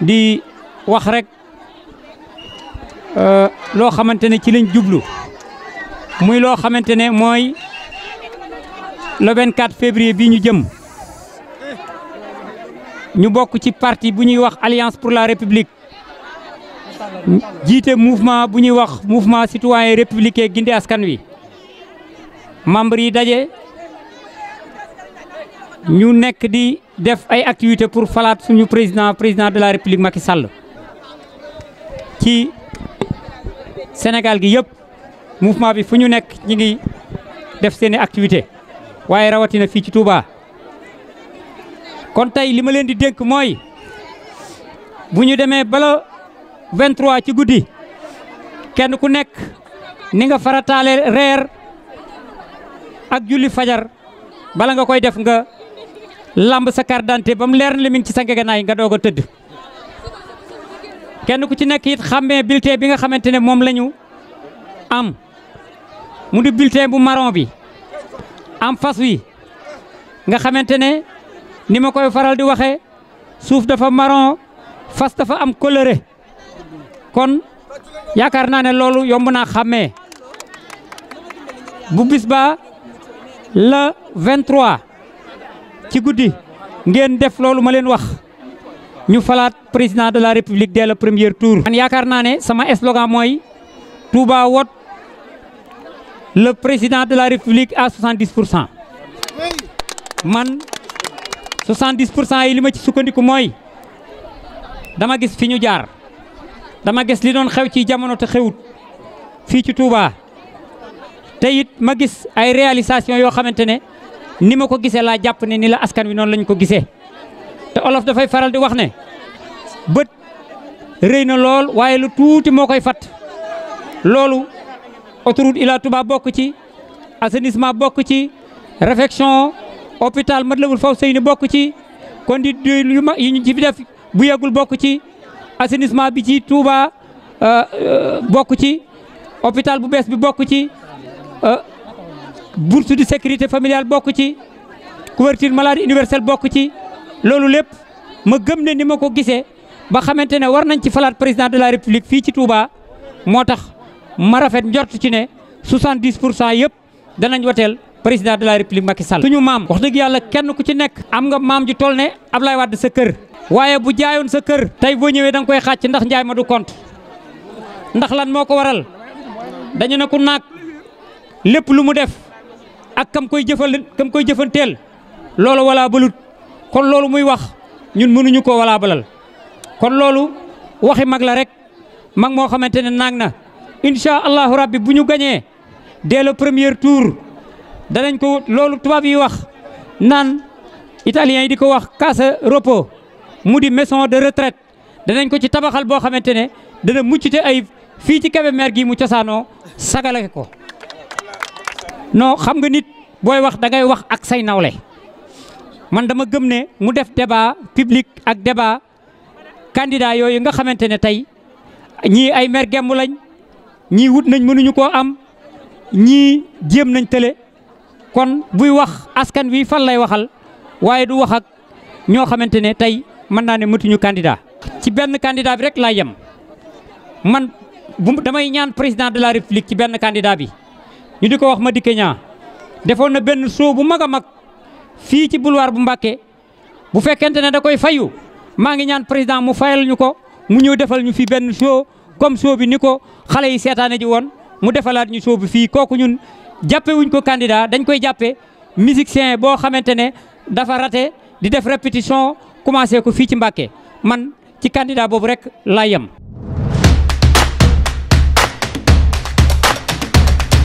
di wax rek euh, loo xamante ne ci lañ jublu muy loo xamante ne mooy le 24 février bii ñu jëm ñu bokk ci parti bu ñuy wax alliance pour la république jiite mouvement bu ñuy wax mouvement citoyen républicain gindi askan wi membre daje. ñu nekk di def ay activités pour falaat suñu président président de la république Macky Sall ci Sénégal gi yëpp mouvement bi fu ñu nekk ñi ngi def seeni activité waaye rawatina fii ci Touba kon tey li ma leen di dénk mooy bu ñu demee bala 23 ci guddi kenn ku nekk ni nga farataale reer ak julli fajar bala nga koy def nga làmb sa carte d'identité ba mu leer na mi ngi ci sa ngeganaay nga doo ko tëdd kenn ku ci nekk it xàmmee bulletin bi nga xamante ne moom la ñu am mu di bulletin bu marron bi am fas wi nga xamante ne ni ma koy faral di waxee suuf dafa marron fas dafa am coloré kon yaakaar naa ne loolu yomb naa xammee bu bis ba le 23 ci guddi ngeen def loolu ma leen wax ñu falaat président de la république dès le premier tour. man yaakaar naa ne sama slogan mooy Touba wot le président de la république à 70 pour cent man 70 pour cent yi li ma ci sukkandiku mooy dama gis fi ñu jaar dama gis li doon xew ci jamono te xewut fii ci Touba te it ma gis ay réalisation yoo xamante ne. ni ma ko gisee laa jàpp ne ni la askan wi noonu lañ ko gisee te olof dafay faral di wax ne bët rëy na lool waaye lu tuuti moo koy fat loolu autoroute Ila Touba bokk ci assainissement bokk ci réfection hôpital Matlaboul Fawzayni bokk ci conduite yu mag yi ñu ci fi def bu yàggul bokk ci assainissement bi ci Touba euh, euh, bokk ci hôpital bu bees bi bokk ci euh, bourse de sécurité familiale bokk ci couverture maladie universelle bokk ci loolu lépp ma gëm ne ni ma ko gisee ba xamante ne war nañ ci falaat président de la république fii ci Touba moo tax ma rafet njort ci ne 70 pour cent yëpp danañ woteel président de la république Macky Sall. suñu maam wax dëgg yàlla kenn ku ci nekk. am nga maam ji toll ne Ablaye Wade sa kër. waaye bu jaayoon sa kër. tey boo ñëwee danga nga koy xàcc ndax njaay ma du compte ndax lan moo ko waral dañu ne ku lu mu def. ak kam koy jëfal kam koy jëfanteel loolu walaa balut kon loolu muy wax ñun mënuñu ko walaa balal kon loolu waxi mag la rek mag moo xamante ne naag na incha allahu rabbi bu ñu gañee dès le premier tour danañ ko loolu tubaab yi wax naan italiens yi di ko wax casa repos mu di maison de retraite danañ ko ci tabaxal boo xamante ne dana muccute ay fii ci Kébémer gi mu cosaanoo sagale ko non xam nga nit booy wax dangay wax ak say nawle man dama gëm ne mu def débat public ak débat candidat yooyu nga xamante ne tey ñii ay mer gemb lañ ñii wut nañ mënuñu koo am ñii jéem nañ tële kon buy wax askan wi fan lay waxal waaye du wax ak ñoo xamante ne tey mën naa ne mëtuñu candidat ci benn candidat bi rek laa yem man bu damay ñaan président de la république ci benn candidat bi ñu di ko wax Madické Niang defoon na benn show bu mag a mag fii ci boulevard bu Mbacké bu fekkente ne da koy fayu maa ngi ñaan président mu fayal ñu ko mu ñëw defal ñu fi benn show comme show bi ni ko xale yi seetaane ji woon mu defalaat ñu show bi fii kooku ñun jàppe ko candidat dañ koy jàppe musicien boo xamante ne dafa raté di def répétition commencé ko fii ci Mbacké man ci candidat boobu rek laa yem